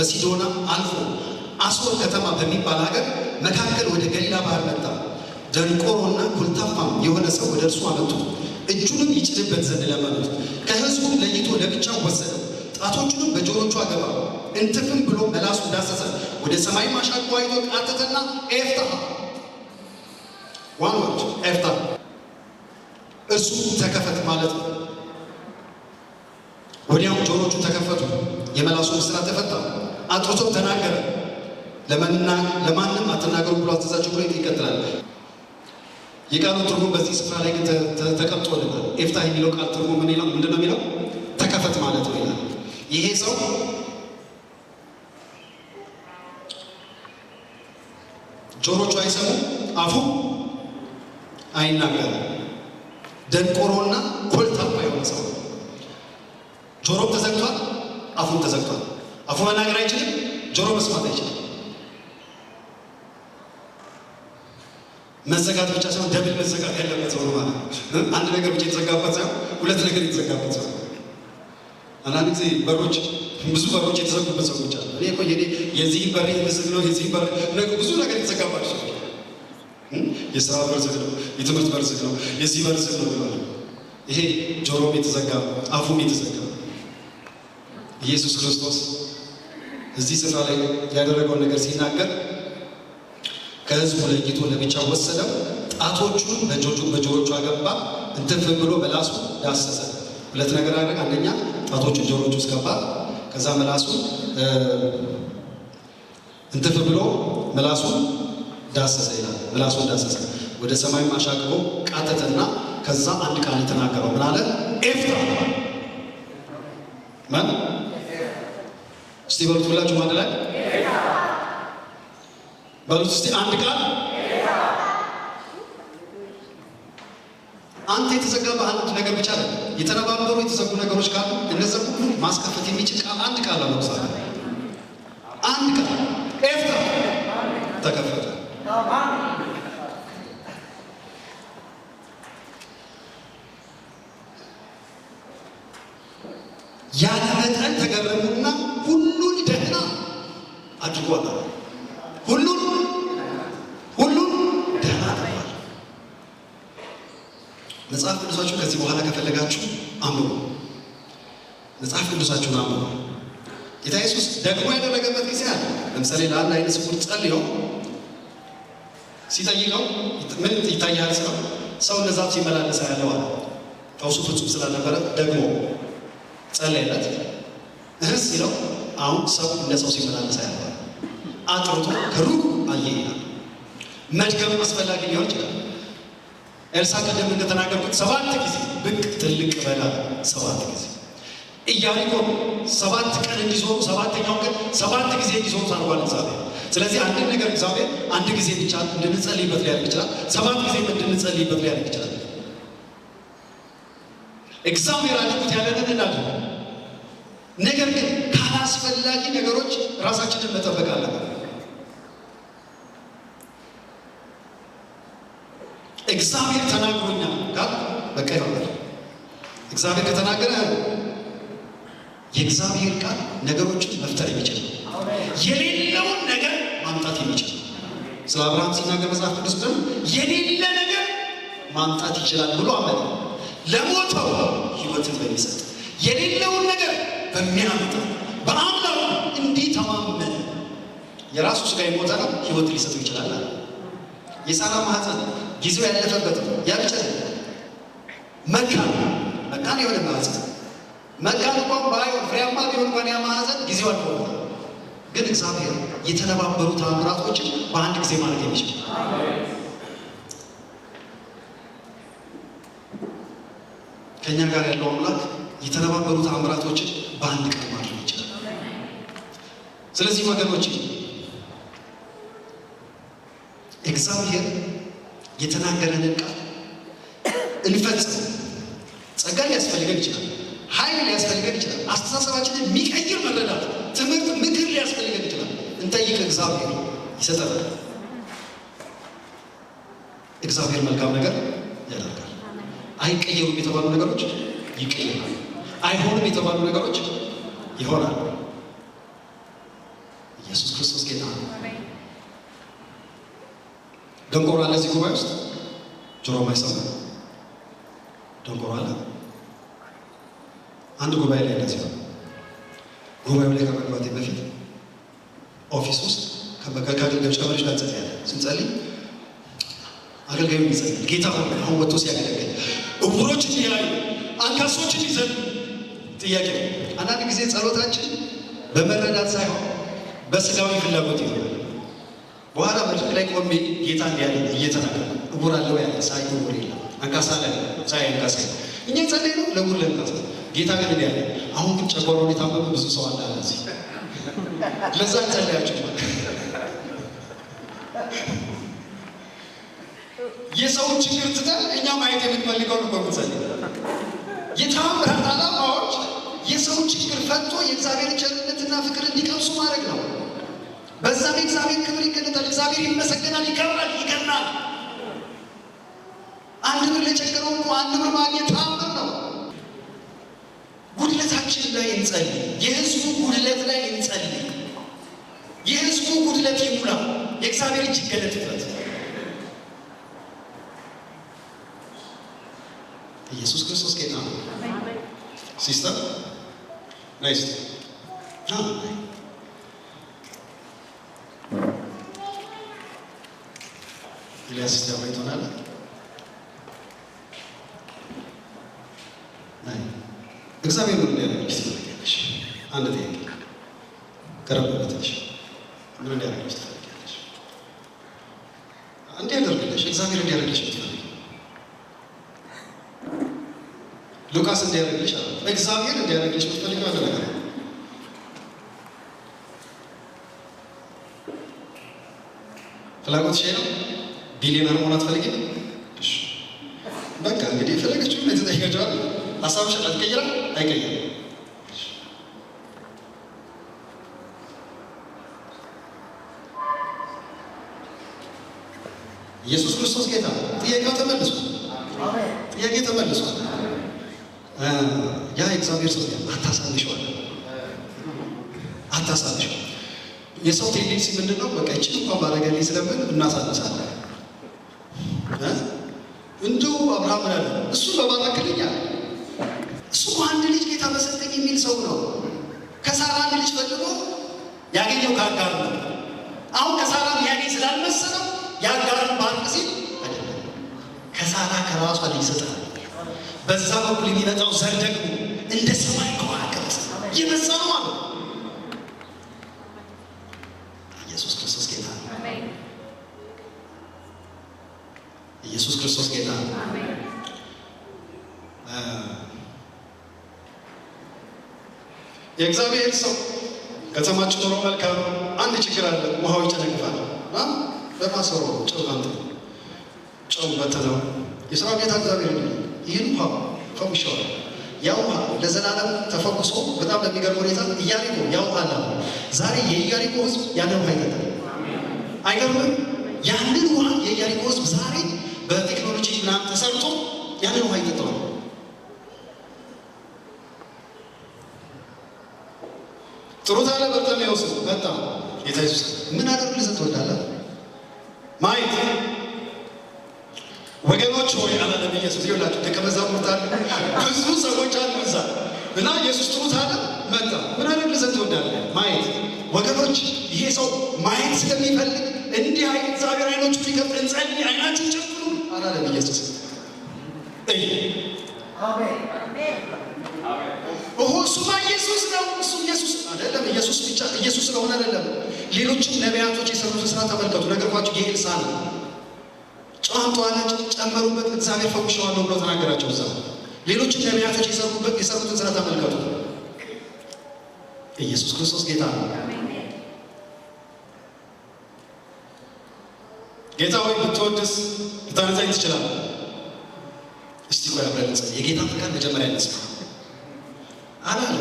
በሲዶና አልፎ አሶር ከተማ በሚባል ሀገር መካከል ወደ ገሊላ ባህር መጣ። ደንቆሮና ኩልታፋም የሆነ ሰው ወደ እርሱ አመጡ። እጁንም ይጭድበት ዘንድ ለመኑት። ከሕዝቡ ለይቶ ለብቻው ወሰደ ጣቶቹንም በጆሮቹ አገባ። እንትፍም ብሎ መላሱ ዳሰሰ። ወደ ሰማይ ማሻቅቦ አይቶ ቃተተና ኤርታ ዋኖች ኤርታ እርሱ ተከፈት ማለት ነው። ወዲያውም ጆሮቹ ተከፈቱ። የመላሱ ምስራት ተፈታ። አጥርቶ ተናገረ። ለማንም አትናገሩ ብሎ አዘዛቸው ብሎ ይቀጥላል። የቃሉ ትርጉም በዚህ ስፍራ ላይ ግን ተቀምጦ ነበር። ኤፍታ የሚለው ቃል ትርጉም ምን ይለው ምንድን የሚለው ተከፈት ማለት ነው ይላል። ይሄ ሰው ጆሮቹ አይሰሙ፣ አፉ አይናገርም። ደንቆሮና ኮልታባ የሆነ ሰው ጆሮም ተዘግቷል፣ አፉም ተዘግቷል። አፉ መናገር አይችልም፣ ጆሮ መስማት አይችልም። መዘጋት ብቻ ሳይሆን ደብል መዘጋት ያለበት ሰው ነው ማለት አንድ ነገር ብቻ የተዘጋበት ሳይሆን ሁለት ነገር የተዘጋበት ሰው። አንዳንድ ጊዜ በሮች ብዙ በሮች የተዘጉበት ሰዎች አሉ። እኔ እኮ እኔ የዚህ በር ምስል ነው የዚህ በር ነገ ብዙ ነገር የተዘጋባል ሰዎች የስራ በር ዝግ ነው፣ የትምህርት በር ዝግ ነው፣ የዚህ በር ዝግ ነው ብሏል። ይሄ ጆሮም የተዘጋ አፉም የተዘጋ ኢየሱስ ክርስቶስ እዚህ ስፍራ ላይ ያደረገውን ነገር ሲናገር ከህዝቡ ለይቶ ለብቻ ወሰደው፣ ጣቶቹን በጆሮቹ አገባ፣ እንትፍ ብሎ መላሱ ዳሰሰ። ሁለት ነገር አደረገ። አንደኛ ጣቶቹን ጆሮቹ ውስጥ ገባ፣ ከዛ መላሱ እንትፍ ብሎ መላሱ ዳሰሰ ይላል። መላሱን ዳሰሰ፣ ወደ ሰማይ አሻቅቦ ቃተተና ከዛ አንድ ቃል የተናገረው ምን አለ? ኤፍታ ማን እስቲ በሉት ሁላችሁም ማለት ላይ በሉት እስቲ አንድ ቃል አንተ የተዘጋ በአንድ ነገር ብቻ ነው። የተነባበሩ የተዘጉ ነገሮች ካሉ እነዚያ ሁሉ ማስከፈት የሚችል ቃል አንድ ቃል አለው። ሳ አንድ ቃል ኤፍታ ተከፈተ። ያለ መጠን ተገረሙና ሁሉን ደህና አድርጓታል። ሁሉን ሁሉን ደህና አድርጓል። መጽሐፍ ቅዱሳችሁ ከዚህ በኋላ ከፈለጋችሁ አምሩ፣ መጽሐፍ ቅዱሳችሁን አምሩ። ጌታ ኢየሱስ ደግሞ ያደረገበት ጊዜ አለ። ለምሳሌ ለአንድ አይነት ስውር ጸልዮ ሲጠይቀው ምን ይታያል? ስለው ሰው እነዛም ሲመላለስ ያለው አለ። ፈውሱ ፍጹም ስላልነበረ ደግሞ ጸለየለት። እህስ ሲለው አሁን ሰው እንደ ሰው ሲመላለስ ያለ አጥርቶ ከሩቅ አየ ይላል። መድገም አስፈላጊ ሊሆን ይችላል። ኤልሳ ቀደም እንደተናገርኩት ሰባት ጊዜ ብቅ ትልቅ በላ ሰባት ጊዜ ኢያሪኮ ሰባት ቀን እንዲዞሩ ሰባተኛው ቀን ሰባት ጊዜ እንዲዞሩ ታርጓል እግዚአብሔር። ስለዚህ አንድ ነገር እግዚአብሔር አንድ ጊዜ ብቻ እንድንጸልይበት ሊያደርግ ይችላል። ሰባት ጊዜ እንድንጸልይበት ሊያደርግ ይችላል። እግዚአብሔር አድርጉት ያለንን እናድርግ ነገር ግን ካላስፈላጊ ነገሮች ራሳችንን መጠበቅ አለብን። እግዚአብሔር ተናግሮኛል ካል በቃ ይሆናል። እግዚአብሔር ከተናገረ የእግዚአብሔር ቃል ነገሮችን መፍጠር የሚችል የሌለውን ነገር ማምጣት የሚችል ስለ አብርሃም ሲናገር መጽሐፍ ቅዱስ ደግሞ የሌለ ነገር ማምጣት ይችላል ብሎ አመለ። ለሞተው ህይወትን በሚሰጥ የሌለውን ነገር በሚያምጠው በአምላኩ እንዲተማመን የራሱ ስጋ የሞተ ነው ህይወት ሊሰጥ ይችላል አለ። የሳራ ማህፀን ጊዜው ያለፈበት ያ ብቻ መካ መካን የሆነ ማህፀን መካ እንኳን ባይ ፍሬያማ ቢሆን እንኳን ያ ማህፀን ጊዜው አልፎ ግን እግዚአብሔር የተነባበሩ ተአምራቶችን በአንድ ጊዜ ማለት የሚችል ከእኛ ጋር ያለው አምላክ የተነባበሩ ተአምራቶችን በአንድ ቀን ማድረግ ይችላል። ስለዚህ ወገኖች እግዚአብሔር የተናገረንን ቃል እንፈጽም። ጸጋ ሊያስፈልገን ይችላል። ኃይል ሊያስፈልገን ይችላል። አስተሳሰባችንን የሚቀይር መረዳት፣ ትምህርት፣ ምክር ሊያስፈልገን ይችላል። እንጠይቅ፣ እግዚአብሔር ይሰጠናል። እግዚአብሔር መልካም ነገር ያደርጋል። አይቀየሩም የተባሉ ነገሮች ይቀይራል። አይሆንም የተባሉ ነገሮች ይሆናል። ኢየሱስ ክርስቶስ ጌታ ነው። ደንቆሮ አለ እዚህ ጉባኤ ውስጥ ጆሮ ማይሰማ ደንቆሮ አለ። አንድ ጉባኤ ላይ እንደዚህ ነው። ጉባኤው ላይ ከመግባቴ በፊት ኦፊስ ውስጥ ከአገልጋዮች ከመሪዎች ጋር እንጸልያለን። ስንጸልይ አገልጋዩ ይጸልያል። ጌታ ሆይ አሁን ወጥቶ ሲያገለግል እውሮችን ያዩ አንካሶችን ይዘን ጥያቄ ነው። አንዳንድ ጊዜ ጸሎታችን በመረዳት ሳይሆን በስጋዊ ፍላጎት ይሆናል። በኋላ መድረክ ላይ ቆሜ ጌታ እንዲያለ እየተናገረ እጉር አለው ያለ ሳይ እጉር የለም አንካሳ ለ ሳይ አንካሳ እኛ ጸለይ ነው ለእጉር ለንካሳ ጌታ ግን እንዲ ያለ አሁን ግን ጨጓራው የታመመ ብዙ ሰው አለ ለዚህ ለዛ ጸለያቸው የሰውን ችግር ትተን እኛ ማየት የምትፈልገው ነው በምጸል የተአምራት ዓላማዎች የሰው ችግር ፈቶ የእግዚአብሔር ቸርነትና ፍቅር እንዲቀምሱ ማድረግ ነው። በዛም የእግዚአብሔር ክብር ይገለጣል። እግዚአብሔር ይመሰገናል፣ ይከብራል፣ ይገናል። አንድ ብር ለቸገረው እኮ አንድ ብር ማግኘት ተአምር ነው። ጉድለታችን ላይ እንጸልይ። የህዝቡ ጉድለት ላይ እንጸልይ። የህዝቡ ጉድለት ይሙላ። የእግዚአብሔር እጅ ይገለጥበት ኢየሱስ ሲስተር ናይስ ኢልያስ ሲስተር ላይ ትሆናለህ። እግዚአብሔር ምን እንዲያደርግልሽ ትፈልጊያለሽ? አንድ ጥያቄ ቀረብ ብለሽ ምን እንዲያደርግልሽ ትፈልጊያለሽ? እንዲያደርግልሽ እግዚአብሔር እንዲያደርግልሽ ሉቃስ እንዲያደርግልሽ አለ። እግዚአብሔር እንዲያደርግልሽ የምትፈልገው ያለ ነገር ነው። ፍላጎት ሽ ነው። ቢሊዮነር መሆን አትፈልጊም? በቃ እንግዲህ የፈለገችው ላይ ተጠይቀችዋል። ሀሳብሽ አትቀይራል፣ አይቀይርም። ኢየሱስ ክርስቶስ ጌታ። ጥያቄው ተመልሷል። ጥያቄ ተመልሷል። ያ እግዚአብሔር ሶስት አታሳንሸዋል አታሳንሸዋል። የሰው ቴንዴንሲ ምንድነው በቃ ይችን እንኳን ባረገልኝ ስለምን እናሳንሳለ እንዲሁ አብርሃም ያለ እሱ በባረክልኝ እሱ አንድ ልጅ ጌታ መሰጠኝ የሚል ሰው ነው። ከሳራ አንድ ልጅ ፈልጎ ያገኘው ከአጋር ነው። አሁን ከሳራ ያገኝ ስላልመሰለው የአጋርን ባንክ ሲል ከሳራ ከራሷ ልጅ ይሰጣል በዛ በኩል የሚመጣው ዘር ደግሞ እንደ ሰማይ ከዋክብት የበዛ ነው አሉ። ኢየሱስ ክርስቶስ ጌታ ነው። ኢየሱስ ክርስቶስ ጌታ ነው። የእግዚአብሔር ሰው ከተማችሁ ኖሮ መልካም። አንድ ችግር አለ። ውሃው ይጨነግፋል። በማሰሮ ጨው ጨው በተነው የስራ ጌታ እግዚአብሔር ነው ይህን ውሃ ፈውሸዋል። ያ ውሃ ለዘላለም ተፈውሶ በጣም በሚገርም ሁኔታ ኢያሪኮ ያ ውሃ ዛሬ የኢያሪኮ ህዝብ ያንን ውሃ ይጠጣል። አይገርምም? ያንን ውሃ የኢያሪኮ ህዝብ ዛሬ በቴክኖሎጂ ምናምን ተሰርቶ ያንን ውሃ ይጠጣዋል። ጥሩታ አለ በጣም ያውስ በጣም ጌታ ኢየሱስ ምን አደረግልህ ትወዳለህ ማየት ወገኖች ሆይ አላለም ኢየሱስ። ይላችሁ ደቀ መዛሙርት አለ ብዙ ሰዎች አሉ እዛ እና ኢየሱስ ጥሩት አለ መጣ ምን አይነት ልዘት ትወዳለ ማየት ወገኖች፣ ይሄ ሰው ማየት ስለሚፈልግ እንዲህ አይነት እግዚአብሔር አይኖቹ ሊከፍት እንጸልይ፣ አይናችሁ ጨፍኑ አላለም ኢየሱስ። እይ ኦሆ እሱማ ኢየሱስ ነው እሱ ኢየሱስ አይደለም። ኢየሱስ ብቻ ኢየሱስ ስለሆነ አይደለም። ሌሎችም ነቢያቶች የሰሩትን ስራ ተመልከቱ። ነገርኳቸው ይሄ ልሳ ነው ጨዋም ጠዋነች ጨመሩበት፣ እግዚአብሔር ፈውሸዋለሁ ብሎ ተናገራቸው። እዛ ሌሎች ነቢያቶች የሰሩበት የሰሩትን ስራ ተመልከቱ። ኢየሱስ ክርስቶስ ጌታ ነው። ጌታ ወይ ብትወድስ ልታነጻኝ ትችላለህ። እስቲ ቆይ አብረን እንጸልይ። የጌታ ፈቃድ መጀመሪያ እንጽፍ አላለ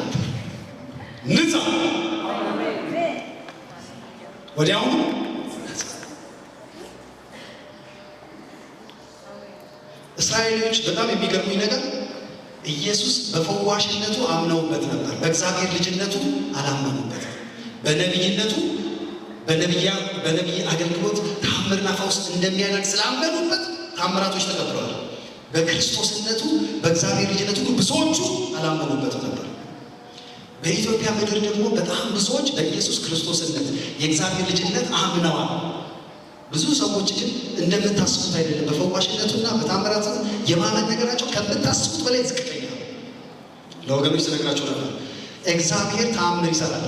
ንጻ ወዲያውኑ እስራኤሎች በጣም የሚገርሙኝ ነገር ኢየሱስ በፈዋሽነቱ አምነውበት ነበር። በእግዚአብሔር ልጅነቱ አላመኑበት። በነቢይነቱ በነቢያ በነቢይ አገልግሎት ታምርና ፈውስ እንደሚያደርግ ስላመኑበት ታምራቶች ተቀብለዋል። በክርስቶስነቱ በእግዚአብሔር ልጅነቱ ብዙዎቹ አላመኑበትም ነበር። በኢትዮጵያ ምድር ደግሞ በጣም ብዙዎች በኢየሱስ ክርስቶስነት የእግዚአብሔር ልጅነት አምነዋል። ብዙ ሰዎች ግን እንደምታስቡት አይደለም። በፈዋሽነቱና በታምራት የማመን ነገራቸው ከምታስቡት በላይ ዝቅተኛ ነው። ለወገኖች ስነግራቸው ነበር። እግዚአብሔር ተአምር ይሰራል፣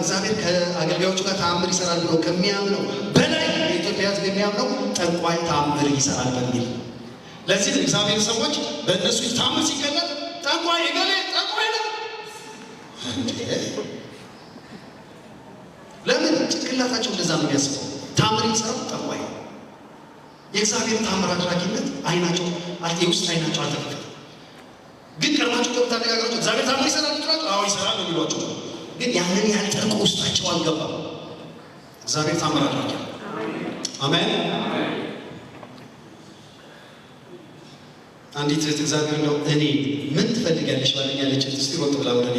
እግዚአብሔር ከአገልጋዮቹ ጋር ተአምር ይሰራል ብሎ ከሚያምነው በላይ በኢትዮጵያ ሕዝብ የሚያምነው ጠንቋይ ተአምር ይሰራል በሚል ለዚህ እግዚአብሔር ሰዎች በእነሱ ተአምር ሲገለጥ ጠንቋይ የገሌ ጠንቋይ ነ ለምን ጭንቅላታቸው እንደዛ ነው የሚያስበው? ታምር ይሰራው ጠዋይ የእግዚአብሔር ታምር አድራጊነት አይናቸው አርቴ ውስጥ አይናቸው አልተከፈተ። ግን ቀርባችሁ ከምታነጋገራቸው እግዚአብሔር ታምር ይሰራል ትላቸው፣ አዎ ይሰራል ነው የሚሏቸው። ግን ያንን ያህል ጠልቆ ውስጣቸው አልገባም። እግዚአብሔር ታምር አድራጊ አሜን። አንዲት እህት እግዚአብሔር ነው እኔ ምን ትፈልጋለሽ ባለኝ ያለች እስቲ ሮጥ ብላ ወደ እኔ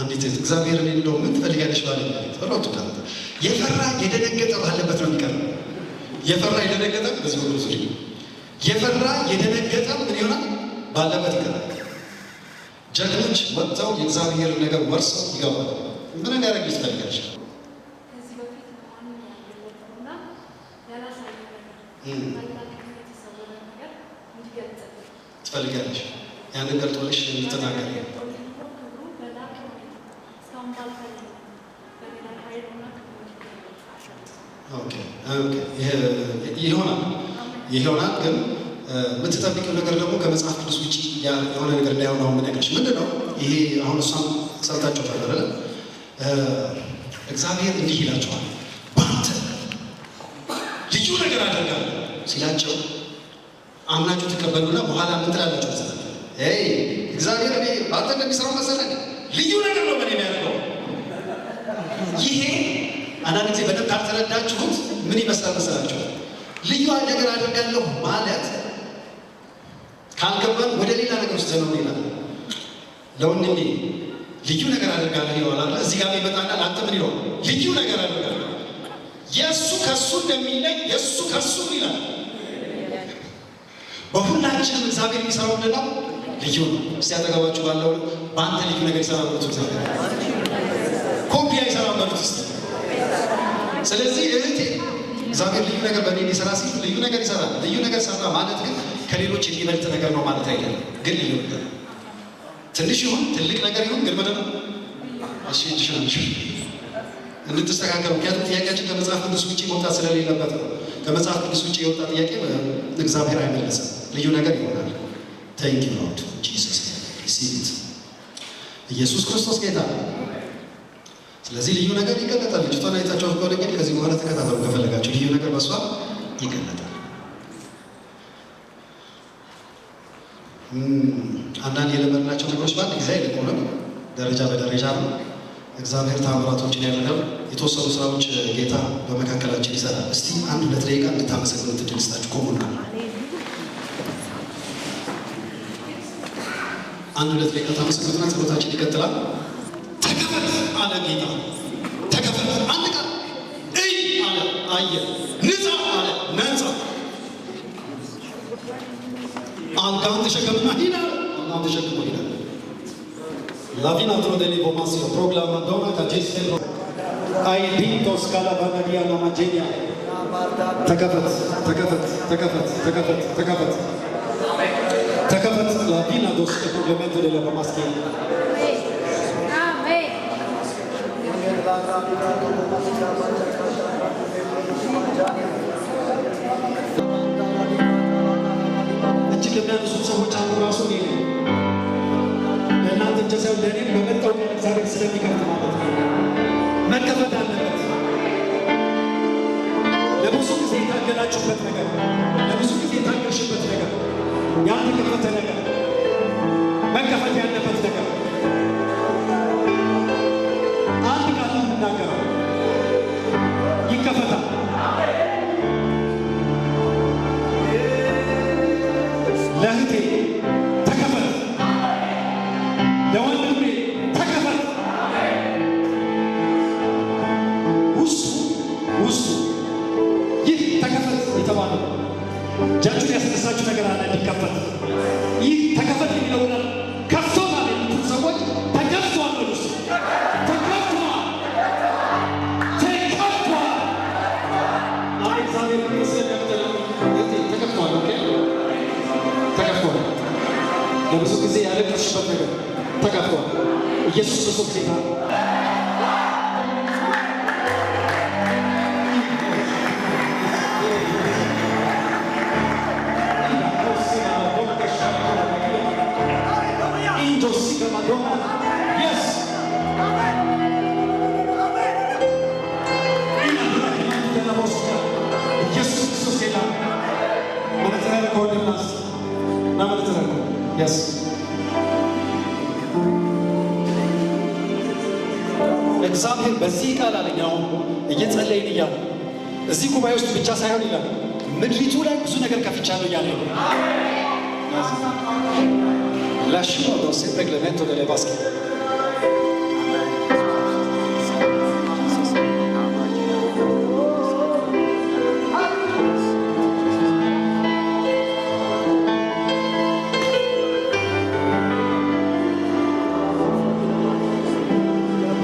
አንዲት እግዚአብሔር እኔ እንደው ምን ትፈልጊያለሽ? ባለ ጸሎት ታንተ የፈራ የደነገጠ ባለበት ነው የሚቀር የፈራ የደነገጠ በዚህ ሁሉ ዙሪ የፈራ የደነገጠ ምን ይሆናል? ባለበት ይቀራል። ጀግኖች ወጥተው የእግዚአብሔር ነገር ወርሰው ይገባል። ምንን ያደረግ ትፈልጊያለሽ? ትፈልጋለች ያን ነገር የምትናገር እንድትናገር ይሆናል። ግን የምትጠብቂው ነገር ደግሞ ከመጽሐፍ ቅዱስ ውጭ የሆነ ነገር እንዳይሆን አሁን ምነግርሽ ምንድ ነው ይሄ አሁን እሷም ሰምታችኋል አይደለ? እግዚአብሔር እንዲህ ይላቸዋል በአንተ ልዩ ነገር አደርጋለሁ ሲላቸው አምናችሁ ትቀበሉና በኋላ ምን ትላላችሁ? እግዚአብሔር እኔ በአንተ እንደሚሰራው መሰለን ልዩ ነገር ነው በኔ ያደርገው። ይሄ አንዳንድ ጊዜ በደንብ ካልተረዳችሁት ምን ይመስላል መሰላችሁ? ልዩ ነገር አድርጋለሁ ማለት ካልገባን ወደ ሌላ ነገር ውስጥ ነው ይላል። ለወንድሜ ልዩ ነገር አድርጋለሁ ይለዋል። እዚህ ጋር ይመጣና አንተ ምን ይለዋል? ልዩ ነገር አድርጋለሁ የእሱ ከእሱ እንደሚለይ የእሱ ከእሱ ይላል። በሁላችንም እግዚአብሔር የሚሰራው ምንድን ነው? ልዩ ነው። እስቲ አጠገባችሁ ባለው በአንተ ልዩ ነገር ይሰራል ብሉት። እግዚአብሔር ኮፒያ ይሰራል በሉት። ስለዚህ እህቴ እግዚአብሔር ልዩ ነገር በእኔ ሊሰራ ሲል ልዩ ነገር ይሰራል። ልዩ ነገር ሰራ ማለት ግን ከሌሎች የሚበልጥ ነገር ነው ማለት አይደለም። ግን ልዩ ነገር ትንሽ ይሁን ትልቅ ነገር ይሁን ግን ምንድን እሺ እጅሽ እንድትስተካከሉ ምክንያቱም ጥያቄያችን ከመጽሐፍ ቅዱስ ውጭ መውጣት ስለሌለበት ነው። ከመጽሐፍ ቅዱስ ውጭ የወጣ ጥያቄ እግዚአብሔር አይመለስም። ልዩ ነገር ይሆናል። ታንክ ዩ ሎርድ ጂሰስ ኢየሱስ ክርስቶስ ጌታ ስለዚህ ልዩ ነገር ይገለጣል። ልጅቷን አይታቸው ከሆነ ግን ከዚህ በኋላ ተከታተሉ ከፈለጋቸው ልዩ ነገር በሷ ይገለጣል። አንዳንድ የለመድናቸው ነገሮች በአንድ ጊዜ አይለቁንም። ደረጃ በደረጃ ነው። እግዚአብሔር ታምራቶችን ያደርጋል። የተወሰኑ ስራዎች ጌታ በመካከላችን ይሰራል። እስቲ አንድ ሁለት ደቂቃ እንድታመሰግኑት እድል ስጣችሁ። ኮሙና አንድ ሁለት ደቂቃ ታመሰግኑትና ጸሎታችን ይቀጥላል። ተከፈት አለ ጌታ። ተከፈት አንድ ቃል እይ አለ አየ። ንጻ አለ ነጻ። አልጋን ተሸከምና ሂዳ አልጋን ተሸክሞ ሂዳ lavinatul de libomasio, proclama Doamna că aceste ai dintos ca la banaria la magenia. ተከፈት ተከፈት ተከፈት ተከፈት ተከፈት ተከፈት ላቪና ዶስ ፕሮግለመንት ሌላ በማስኬ ከሚያነሱት ሰዎች አንዱ ራሱ እኔ ነኝ። ለእናንተ ብቻ ሳይሆን ለእኔም በመጣው ቀን እግዚአብሔር ስለሚከፍት ማለት ነው። መከፈት አለበት። ለብዙ ጊዜ የታገላችሁበት ነገር፣ ለብዙ ጊዜ የታገሽበት ነገር ያልተከፈተ ነገር 예수 소속제가 Yes. Yes. እዚህ ጉባኤ ውስጥ ብቻ ሳይሆን ይላል ምድሪቱ ላይ ብዙ ነገር ከፍቻለሁ እያለ ላሽኖ ነው ሴፕሬክ ለሜንቶ ደሌባስኬ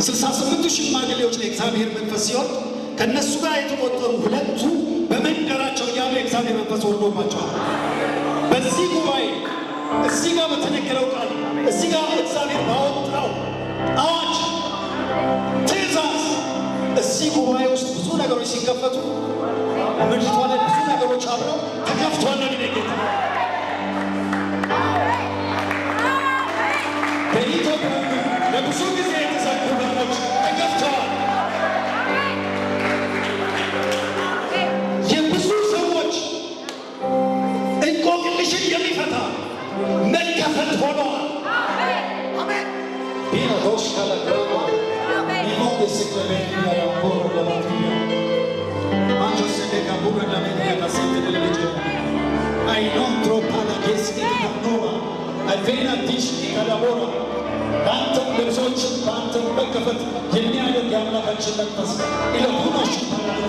ስልሳ ስምንቱ ሽማግሌዎች ላይ እግዚአብሔር መንፈስ ሲሆን ከእነሱ ጋር የተቆጠሩ ሁለቱ በመንደራቸው እያሉ የእግዚአብሔር መንፈስ ወርዶባቸዋል። በዚህ ጉባኤ እዚህ ጋር በተነገረው ቃል እዚህ ጋር እግዚአብሔር ባወጣው አዋጅ ትእዛዝ እዚህ ጉባኤ ውስጥ ብዙ ነገሮች ሲከፈቱ ምድቷ ላይ ብዙ ነገሮች አብረው ተከፍቷል። ነው ሚነጌት በኢትዮጵያ ለብዙ ጊዜ ቬና ዲሽ ከዳቦራ በአንተ ልብሶች በአንተ መከፈት የሚያደርግ የአምላካችን መንፈስ ኢለሁናሽ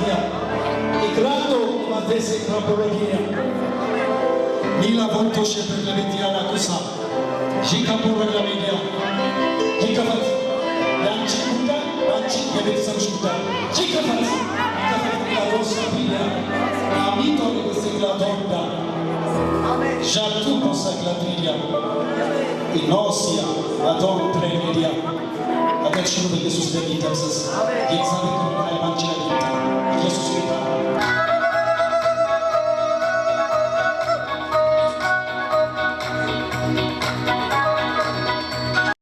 ያ ኢክራቶ ማቴሴ ክራቦሎጊያ ሚላ ቮንቶሽ ፕርለቤትያ ላኩሳ ዢካቦረላ ሜዲያ ይከፈት የአንቺ ጉዳይ በአንቺ የቤተሰብሽ ጉዳይ ይከፈት ይከፈት ላሮሳ ያ አሚቶ ሴግላቶንዳ sa Jacques Saklatrija i nosija na la trenirja. A da ćemo da Jezus ne vidim se, jer zanim najmanče ne vidim. Jezus mi